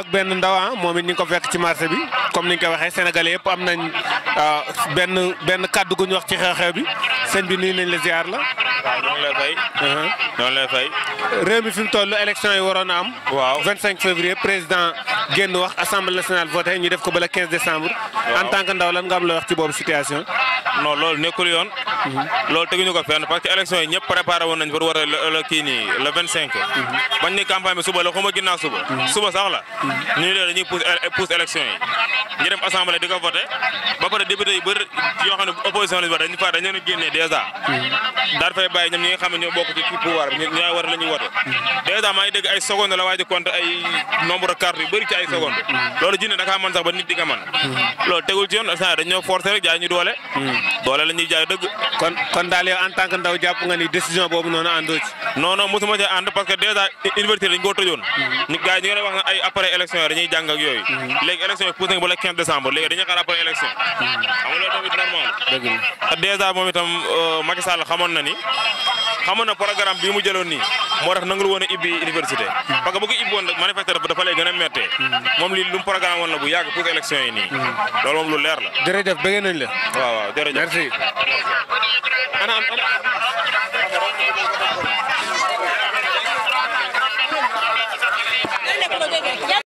ak benn ndaw ah, moom it ñu ngi ko fekk ci marché bi comme ni ñu ko waxee sénégalais yëpp am nañ Euh, benn benn kàddu gu ñu wax ci xew-xew bi sëñ bi nii nañ la ziar la. waaw ñoo ngi lay fay. Uh-huh. ñoo ngi lay fay. réew mi fi mu toll élection yi waroon a am. waaw 25 février président génn wax assemblée nationale voté ñu def ko ba le 15 décembre. en tant que ndaw lan nga am la wax ci boobu situation. non loolu nekkul yoon. Uh-huh. loolu teguñu ko fenn parce que élection yi ñëpp préparé woon nañ pour war a la kii nii le 25. Uh-huh. bañ ni campagne bi suba la xuma ginnaaw suba. sax la. ñu ne dañuy pousse pousse yi. ñu dem assemblée di ko ba pare député yu bëri yoo xam ne opposition lañu war faa dañu leen génnee dèjà daal fay bàyyi ñoom ñi nga xam ne ñoo bokk ci pouvoir bi ñooy war la wote dèjà maa ngi dégg ay seconde la waa ji ay nombre de cartes yu ci ay seconde loolu jinne da kaa mën sax ba nit di ka loolu tegul ci yoon assemblée dañ doole doole la jaay dëgg kon daal yow en tant ndaw jàpp nga ni décision boobu noonu àndoo ci non non mosuma ci 15 décembre léegi a xaar après élection. xam nga loolu tamit normal. dëgg la dèjà moom itam euh, Macky xamoon na ni xamoon na programme bii mu jëloon nii moo tax nangul woon a ibbi université. parce que bu woon manifester dafa lay gën a méttee. moom lii lu programme woon la bu yàgg pour élection yi nii. loolu moom lu leer la. jërëjëf bëgg nañ la. waaw waaw